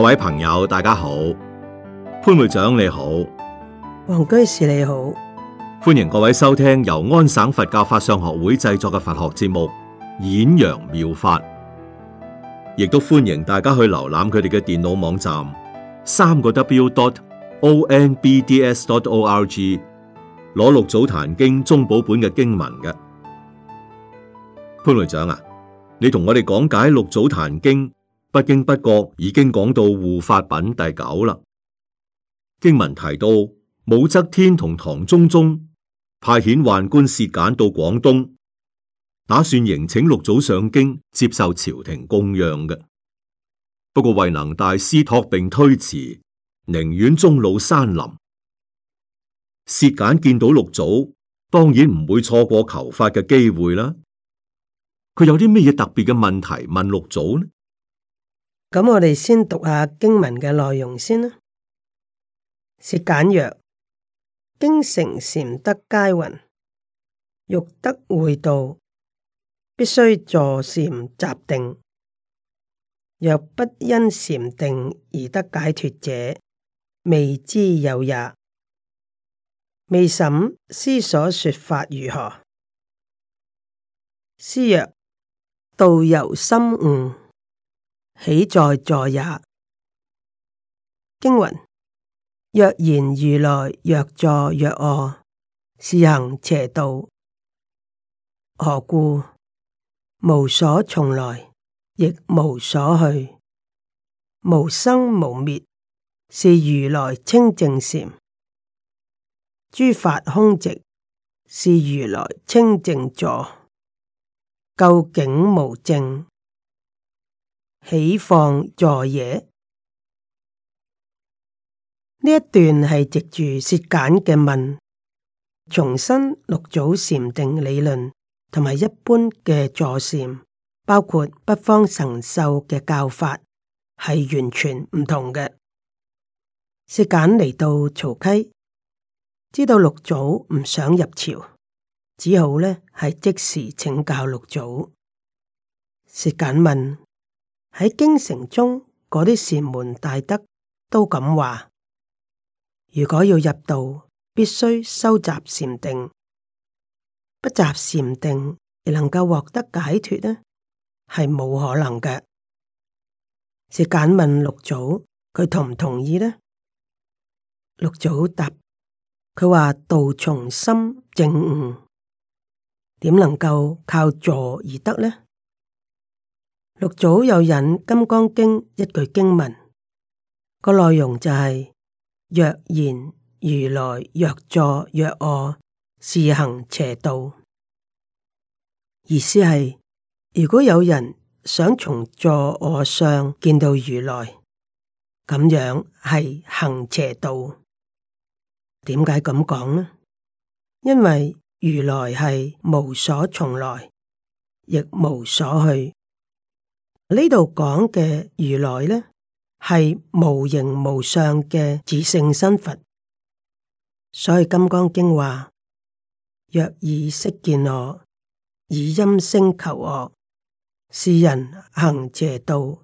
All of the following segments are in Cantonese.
各位朋友，大家好，潘會長你好，黃居士你好，歡迎各位收聽由安省佛教法相學會製作嘅佛學節目《演揚妙法》，亦都歡迎大家去瀏覽佢哋嘅電腦網站三個 w dot o n b d s dot o r g 攞六祖壇經宗寶本嘅經文嘅。潘會長啊，你同我哋講解六祖壇經。不經不覺已經講到護法品第九啦。經文提到武則天同唐中宗派遣宦官薛簡到廣東，打算迎請六祖上京接受朝廷供養嘅。不過慧能大師託並推辭，寧願終老山林。薛簡見到六祖，當然唔會錯過求法嘅機會啦。佢有啲咩嘢特別嘅問題問六祖呢？.咁、嗯、我哋先讀下經文嘅內容先啦。薛簡曰：京城禪德皆云，欲得會道，必須坐禪習定。若不因禪定而得解脫者，未之有也。未審師所說法如何？師曰：道由心悟。豈在坐也，經云：若言如來若坐若臥，是行邪道。何故？無所從來，亦無所去，無生無滅，是如來清淨禪。諸法空寂，是如來清淨坐。究竟無證。起放助野，呢一段係藉住薛簡嘅問，重新六祖禪定理論同埋一般嘅助禪，包括北方神秀嘅教法，係完全唔同嘅。薛簡嚟到曹溪，知道六祖唔想入朝，只好咧，係即時請教六祖。薛簡問。.喺京城中嗰啲禪門大德都咁話：如果要入道，必須收集禪定，不集禪定亦能夠獲得解脫呢，係冇可能嘅。是簡問六祖，佢同唔同意呢？六祖答：佢話道從心正悟，點能夠靠坐而得呢？六祖有引《金剛經》一句經文，個內容就係、是：若言如來若坐若臥，是行邪道。意思係，如果有人想從坐臥上見到如來，咁樣係行邪道。點解咁講呢？因為如來係無所從來，亦無所去。呢度講嘅如來呢，係無形無相嘅自性身佛，所以金剛經話：若以色見我，以音聲求我，是人行邪道，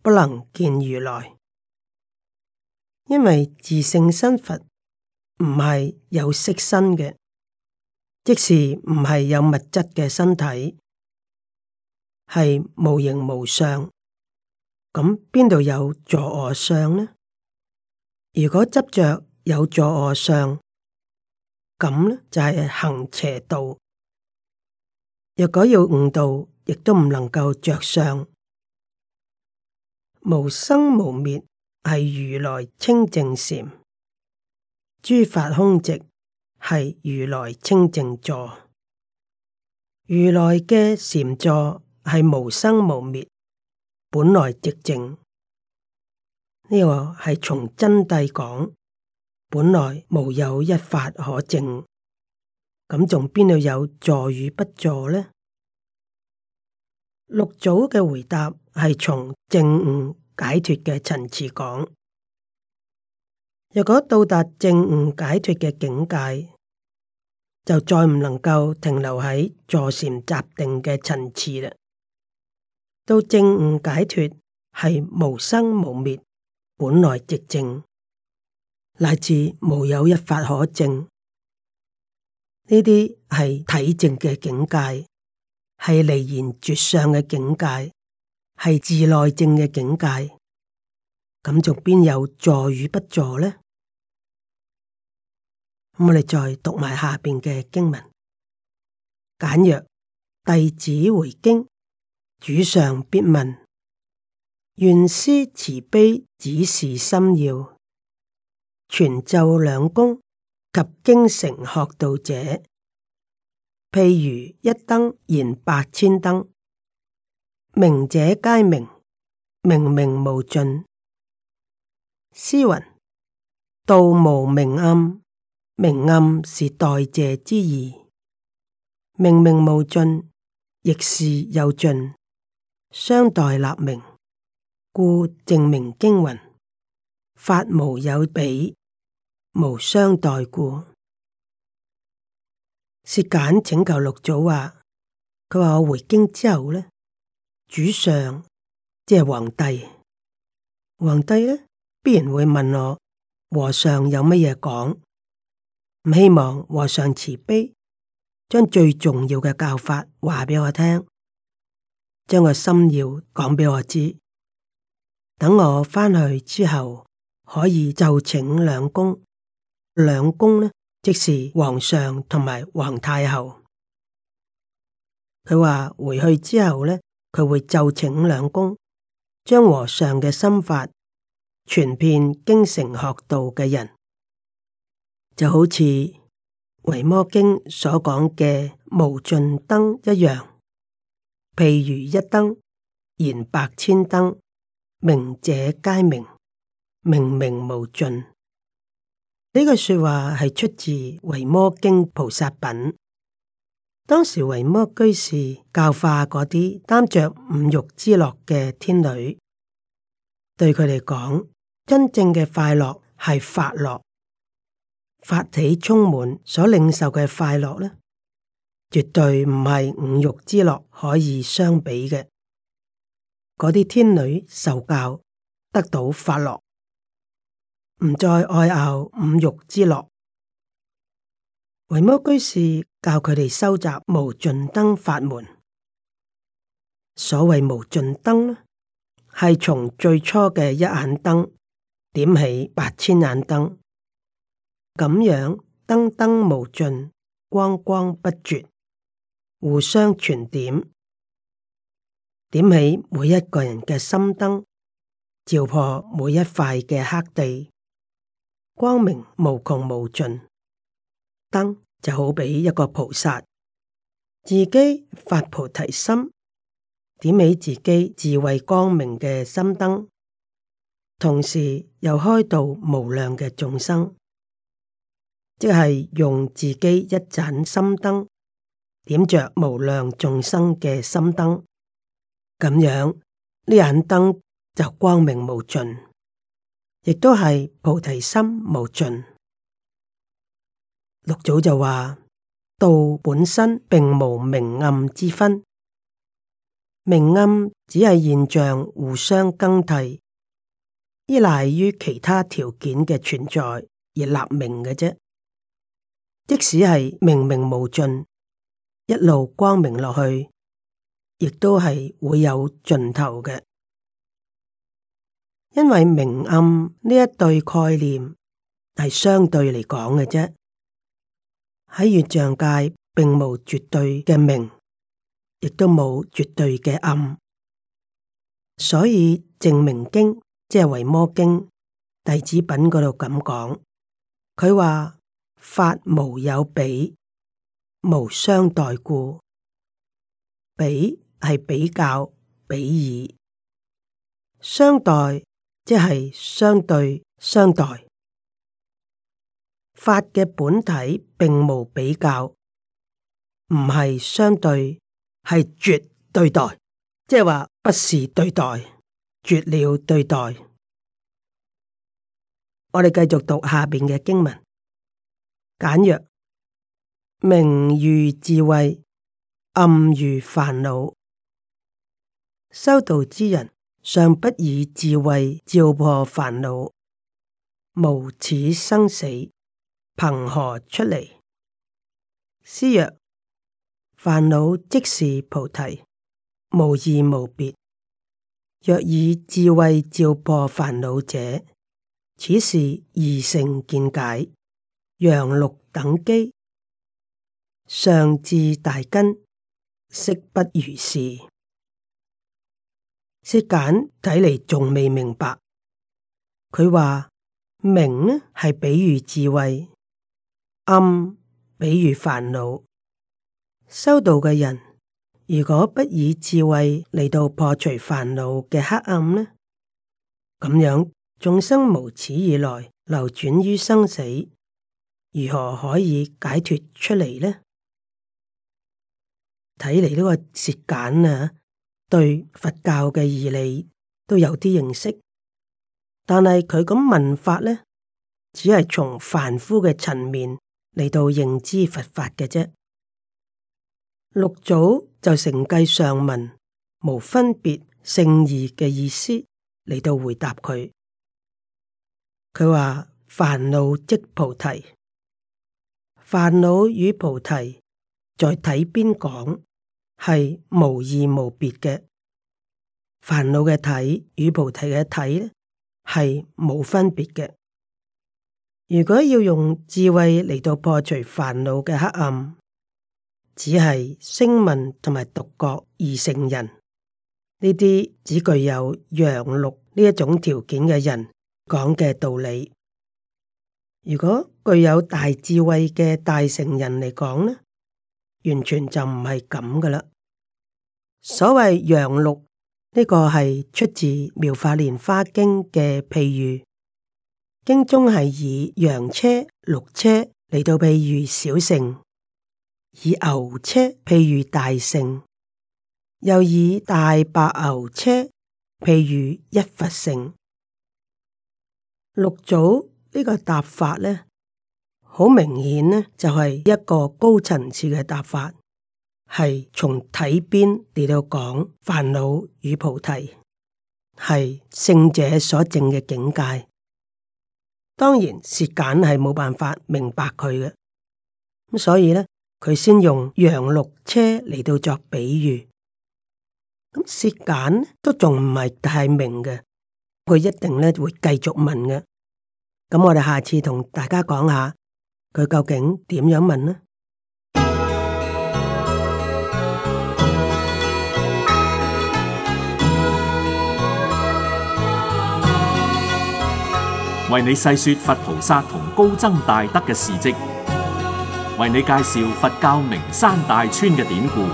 不能見如來。因為自性身佛唔係有色身嘅，即係唔係有物質嘅身體。係無形無相，咁邊度有助我相呢？如果執着有助我相，咁就係行邪道。若果要悟道，亦都唔能夠着相。無生無滅係如來清淨禪，諸法空寂係如來清淨坐，如來嘅禪坐。係無生無滅，本來寂靜。呢、這個係從真諦講，本來無有一法可證。咁仲邊度有助與不助呢？六祖嘅回答係從正悟解脫嘅層次講。若果到達正悟解脫嘅境界，就再唔能夠停留喺坐禪習定嘅層次啦。到正悟解脱係無生無滅，本來寂靜，乃至無有一法可證。呢啲係體證嘅境界，係離言絕相嘅境界，係自內證嘅境界。咁仲邊有助與不助呢？咁我哋再讀埋下面嘅經文，簡約弟子回經。主上必問，願師慈悲，指示心要，全咒兩公及京城學道者，譬如一燈燃百千燈，明者皆明，明明無盡。師云：道無明暗，明暗是代謝之意。明明無盡，亦是有盡。相待立明，故正明經云。法無有比，無相待故。薛簡請求六祖話，佢話我回京之後呢，主上即係皇帝，皇帝呢必然會問我和尚有乜嘢講？唔希望和尚慈悲，將最重要嘅教法話畀我聽。將個心要講畀我知，等我返去之後可以奏請兩宮，兩宮呢，即是皇上同埋皇太后。佢話回去之後呢，佢會奏請兩宮，將和尚嘅心法傳遍京城學道嘅人，就好似《維摩經》所講嘅無盡燈一樣。譬如一燈燃百千燈，明者皆明，明明無盡。呢句說話係出自《維摩經》菩薩品。當時維摩居士教化嗰啲貪着五欲之樂嘅天女，對佢嚟講，真正嘅快樂係法樂，法體充滿所領受嘅快樂呢。絕對唔係五欲之樂可以相比嘅。嗰啲天女受教，得到法樂，唔再愛咬五欲之樂。維摩居士教佢哋收集無盡燈法門。所謂無盡燈，係從最初嘅一眼燈點起八千眼燈，咁樣燈燈無盡，光光不絕。互相傳點，點起每一個人嘅心燈，照破每一塊嘅黑地，光明無窮無盡。燈就好比一個菩薩，自己發菩提心，點起自己智慧光明嘅心燈，同時又開導無量嘅眾生，即係用自己一盞心燈。點着無量眾生嘅心燈，咁樣呢盞燈就光明無盡，亦都係菩提心無盡。六祖就話：道本身並無明暗之分，明暗只係現象互相更替，依賴於其他條件嘅存在而立名嘅啫。即使係明明無盡。一路光明落去，亦都係會有盡頭嘅，因為明暗呢一對概念係相對嚟講嘅啫。喺現象界，並冇絕對嘅明，亦都冇絕對嘅暗。所以《淨名經》即係《維摩經》弟子品嗰度咁講，佢話法無有比。無相待故，比係比較、比爾相待即係相對相待法嘅本體，並無比較，唔係相對，係絕對待，即係話不是對待，絕了對待。我哋繼續讀下邊嘅經文，簡約。明喻智慧，暗喻煩惱。修道之人尚不以智慧照破煩惱，無始生死，憑何出離？師曰：煩惱即是菩提，無二無別。若以智慧照破煩惱者，此是二乘見解，羊鹿等機。上至大根，識不如是。識簡睇嚟，仲未明白。佢話，明呢係比喻智慧，暗比喻煩惱。修道嘅人，如果不以智慧嚟到破除煩惱嘅黑暗呢？咁樣眾生無始以來流轉於生死，如何可以解脱出嚟呢？睇嚟呢個薛簡啊，對佛教嘅義理都有啲認識，但係佢咁問法咧，只係從凡夫嘅層面嚟到認知佛法嘅啫。六祖就承繼上文無分別聖義嘅意思嚟到回答佢，佢話煩惱即菩提，煩惱與菩提。在睇邊講係無二無別嘅煩惱嘅體與菩提嘅體呢係無分別嘅。如果要用智慧嚟到破除煩惱嘅黑暗，只係聲聞同埋獨覺二成人呢啲只具有陽綠呢一種條件嘅人講嘅道理。如果具有大智慧嘅大聖人嚟講呢？完全就唔係咁噶啦。所謂羊鹿呢，這個係出自《妙法蓮花經》嘅譬喻，經中係以羊車、鹿車嚟到譬如小乘，以牛車譬如大乘，又以大白牛車譬如一佛乘。六祖呢個答法呢。好明顯呢，就係、是、一個高層次嘅答法，係從體邊嚟到講煩惱與菩提，係聖者所證嘅境界。當然，薛簡係冇辦法明白佢嘅，咁所以呢，佢先用羊鹿車嚟到作比喻。咁薛簡都仲唔係太明嘅，佢一定咧會繼續問嘅。咁我哋下次同大家講下。佢究竟點樣問呢？為你細說佛菩薩同高僧大德嘅事跡，為你介紹佛教名山大川嘅典故，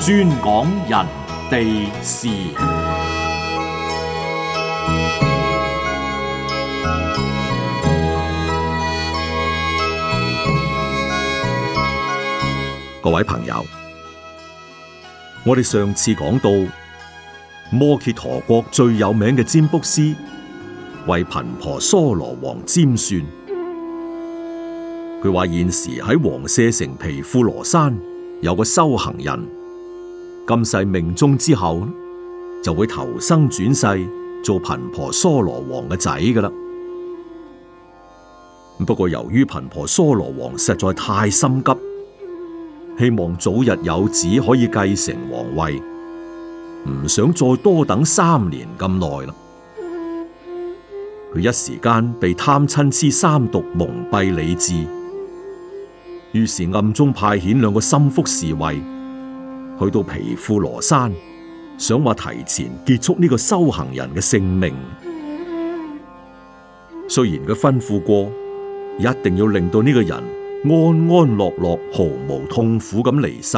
專講人地事。各位朋友，我哋上次講到摩羯陀國最有名嘅占卜師為頻婆娑羅王占算，佢話現時喺王舍城皮富羅山有個修行人，今世命終之後就會投生轉世做頻婆娑羅王嘅仔噶啦。不過由於頻婆娑羅王實在太心急。希望早日有子可以繼承皇位，唔想再多等三年咁耐啦。佢一時間被貪嗔癡三毒蒙蔽理智，於是暗中派遣兩個心腹侍衛去到皮富羅山，想話提前結束呢個修行人嘅性命。雖然佢吩咐過，一定要令到呢個人。安安樂樂，毫無痛苦咁離世。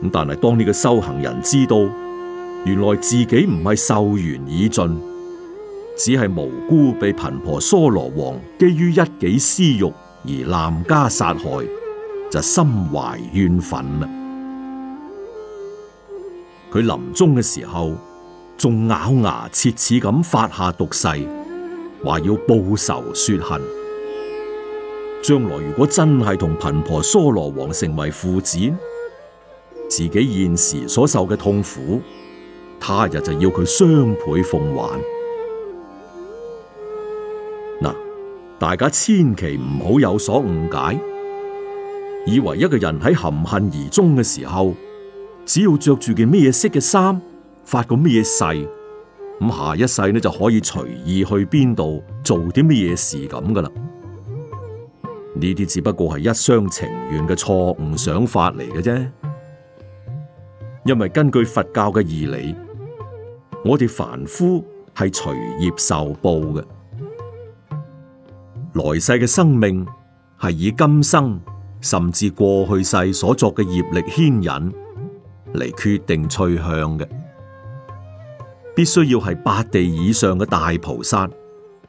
咁但係當呢個修行人知道，原來自己唔係壽元已盡，只係無辜被頻婆娑羅王基於一己私慾而濫加殺害，就心懷怨憤啦。佢臨終嘅時候，仲咬牙切齒咁發下毒誓，話要報仇雪恨。將來如果真係同頻婆娑羅王成為父子，自己現時所受嘅痛苦，他日就要佢雙倍奉還。嗱，大家千祈唔好有所誤解，以為一個人喺含恨而終嘅時候，只要着住件咩色嘅衫，發過咩誓，咁下一世呢就可以隨意去邊度做啲咩嘢事咁噶啦。呢啲只不過係一廂情願嘅錯誤想法嚟嘅啫，因為根據佛教嘅義理，我哋凡夫係隨業受報嘅，來世嘅生命係以今生甚至過去世所作嘅業力牽引嚟決定趨向嘅，必須要係八地以上嘅大菩薩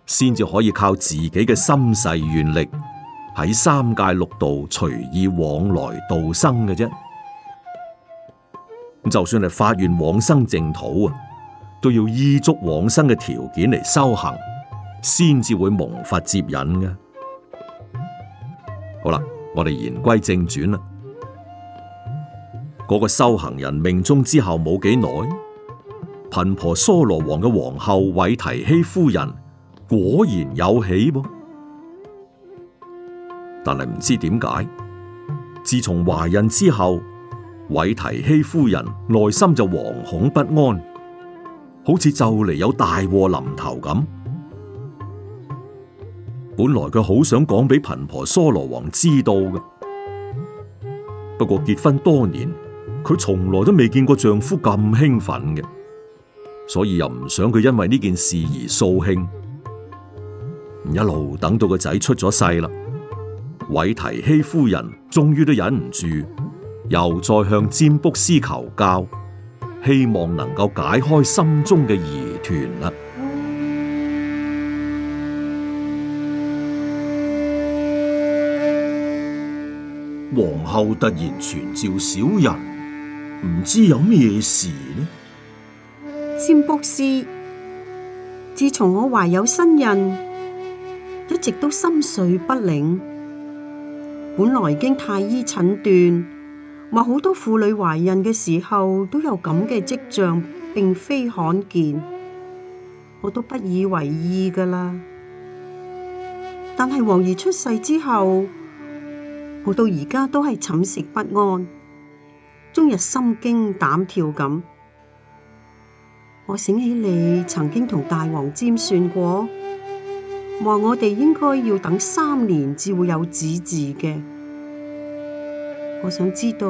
先至可以靠自己嘅心世願力。喺三界六道隨意往來度生嘅啫。咁就算係發願往生淨土啊，都要依足往生嘅條件嚟修行，先至會蒙法接引嘅。好啦，我哋言歸正傳啦。嗰、那個修行人命終之後冇幾耐，頻婆娑羅王嘅皇后韋提希夫人果然有喜噃。但係唔知點解，自從懷孕之後，韋提希夫人內心就惶恐不安，好似就嚟有大禍臨頭咁。本來佢好想講俾頻婆娑羅王知道嘅，不過結婚多年，佢從來都未見過丈夫咁興奮嘅，所以又唔想佢因為呢件事而掃興。一路等到個仔出咗世啦。韋提希夫人終於都忍唔住，又再向占卜師求教，希望能夠解開心中嘅疑團啦。皇 后突然傳召小人，唔知有咩事呢？占卜師，自從我懷有身孕，一直都心緒不寧。本來經太醫診斷，話好多婦女懷孕嘅時候都有咁嘅跡象，並非罕見，我都不以為意噶啦。但係皇兒出世之後，我到而家都係寢食不安，終日心驚膽跳咁。我醒起你曾經同大王占算過。話我哋應該要等三年至會有子嗣嘅，我想知道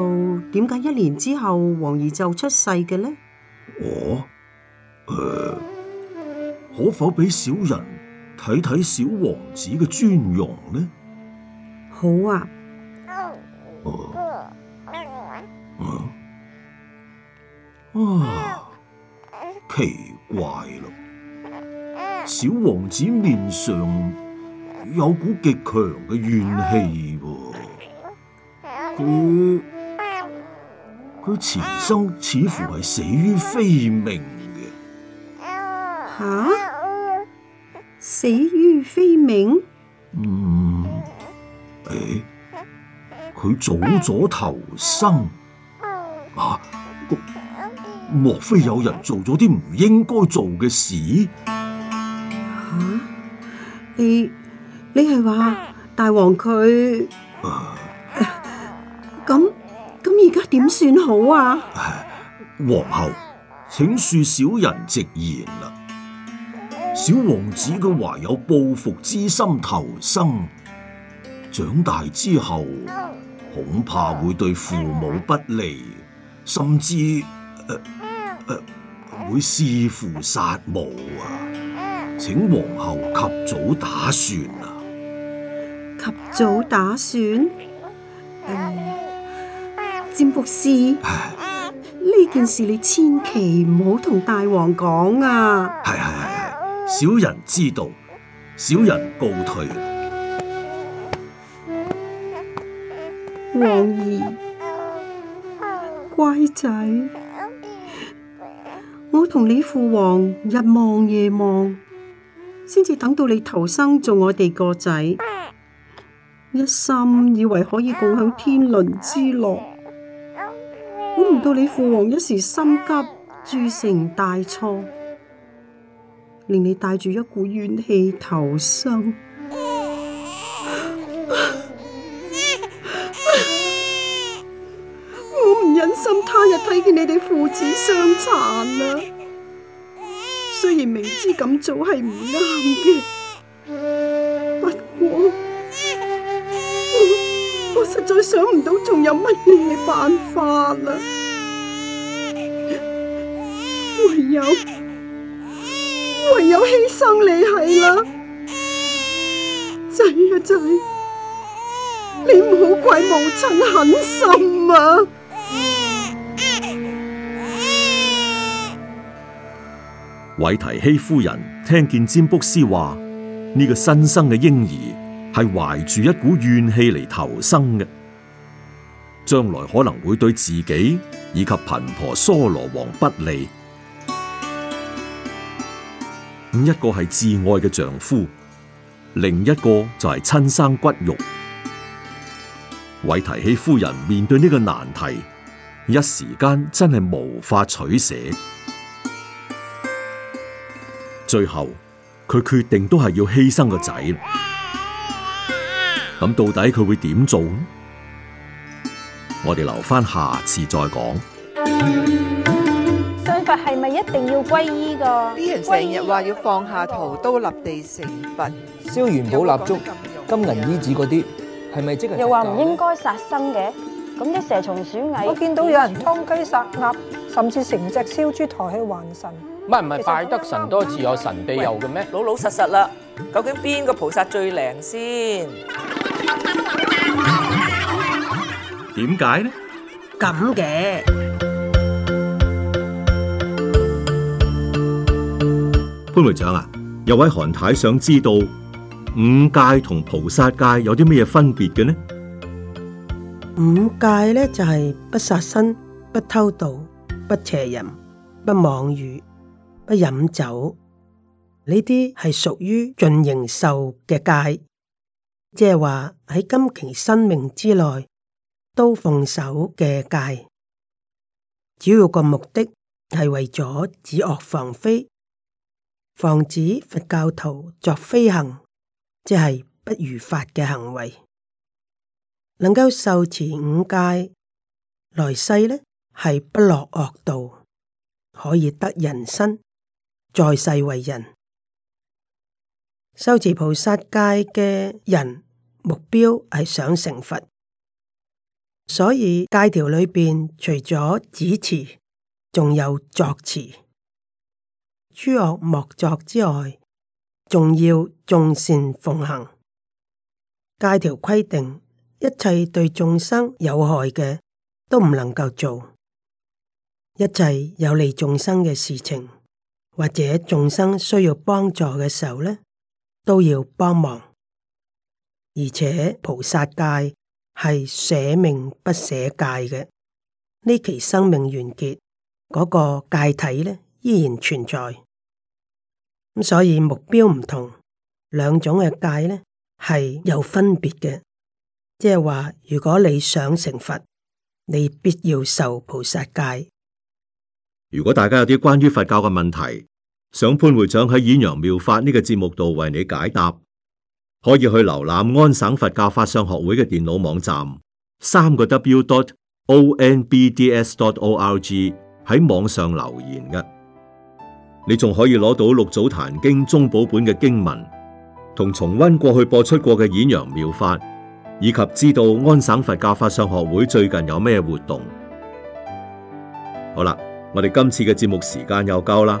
點解一年之後皇兒就出世嘅呢？哦、呃？可否俾小人睇睇小王子嘅尊容呢？好啊，啊。啊，奇怪咯。小王子面上有股極強嘅怨氣，啊，佢佢前生似乎係死於非命嘅。吓，啊，死於非命？嗯，誒，佢早咗投生啊？莫非有人做咗啲唔應該做嘅事？你你係話大王佢咁咁而家點算好啊？皇后，請恕小人直言啦，小王子佢懷有報復之心，投生長大之後，恐怕會對父母不利，甚至、呃呃、會弑父殺母。啊！請皇后及早打算啊！及早打算，唉，占卜師，呢件事你千祈唔好同大王講啊！係係係，小人知道，小人告退啦。王兒，乖仔，我同你父王日望夜望，先至等到你投生做我哋個仔，一心以為可以共享天倫之樂，估唔到你父王一時心急鑄成大錯，令你帶住一股怨氣投生。 我唔忍心，他日睇見你哋父子相殘啊！雖然明知咁做係唔啱嘅，不過我我，我實在想唔到仲有乜嘢辦法啦，唯有唯有犧牲你係啦，仔啊仔，你唔好怪母親狠心啊！韋提希夫人聽見占卜師話：呢個新生嘅嬰兒係懷住一股怨氣嚟投生嘅，將來可能會對自己以及頻婆娑羅王不利。一個係至愛嘅丈夫，另一個就係親生骨肉。韋提希夫人面對呢個難題，一時間真係無法取捨。最後，佢決定都係要犧牲個仔。咁到底佢會點做？我哋留翻下次再講。信佛係咪一定要皈依噶？成日話要放下屠刀立地成佛，燒元寶蠟燭、金銀衣紙嗰啲，係咪即係？又話唔應該殺生嘅。咁啲蛇蟲鼠蟻，我見到有人劏雞殺鴨，甚至成隻燒豬抬去還神。唔係唔係，拜得神多自有神庇佑嘅咩？老老實實啦，究竟邊個菩薩最靈先？點解咧？咁嘅潘會長啊，有位韓太想知道五戒同菩薩戒有啲咩嘢分別嘅咧？五戒咧就係不殺生、不偷盜、不邪淫、不妄語。不飲酒呢啲係屬於盡形壽嘅戒，即係話喺今期生命之內都奉守嘅戒。主要個目的係為咗止惡防非，防止佛教徒作非行，即係不如法嘅行為。能夠受持五戒，來世呢係不落惡道，可以得人身。在世為人修持菩薩戒嘅人，目標係想成佛，所以戒條裏邊除咗止持，仲有作持，諸惡莫作之外，仲要眾善奉行。戒條規定一切對眾生有害嘅都唔能夠做，一切有利眾生嘅事情。或者眾生需要幫助嘅時候咧，都要幫忙，而且菩薩戒係捨命不捨戒嘅。呢期生命完結嗰個戒體咧，依然存在。咁所以目標唔同，兩種嘅戒咧係有分別嘅。即係話，如果你想成佛，你必要受菩薩戒。如果大家有啲關於佛教嘅問題，想潘會長喺演揚妙法呢個節目度為你解答，可以去瀏覽安省佛教法相學會嘅電腦網站，三個 w.dot.o.n.b.d.s.dot.o.r.g 喺網上留言嘅。你仲可以攞到六祖壇經宗寶本嘅經文，同重温過去播出過嘅演揚妙法，以及知道安省佛教法相學會最近有咩活動。好啦，我哋今次嘅節目時間又夠啦。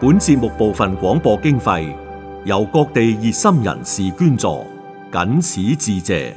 本節目部分廣播經費由各地熱心人士捐助，謹此致謝。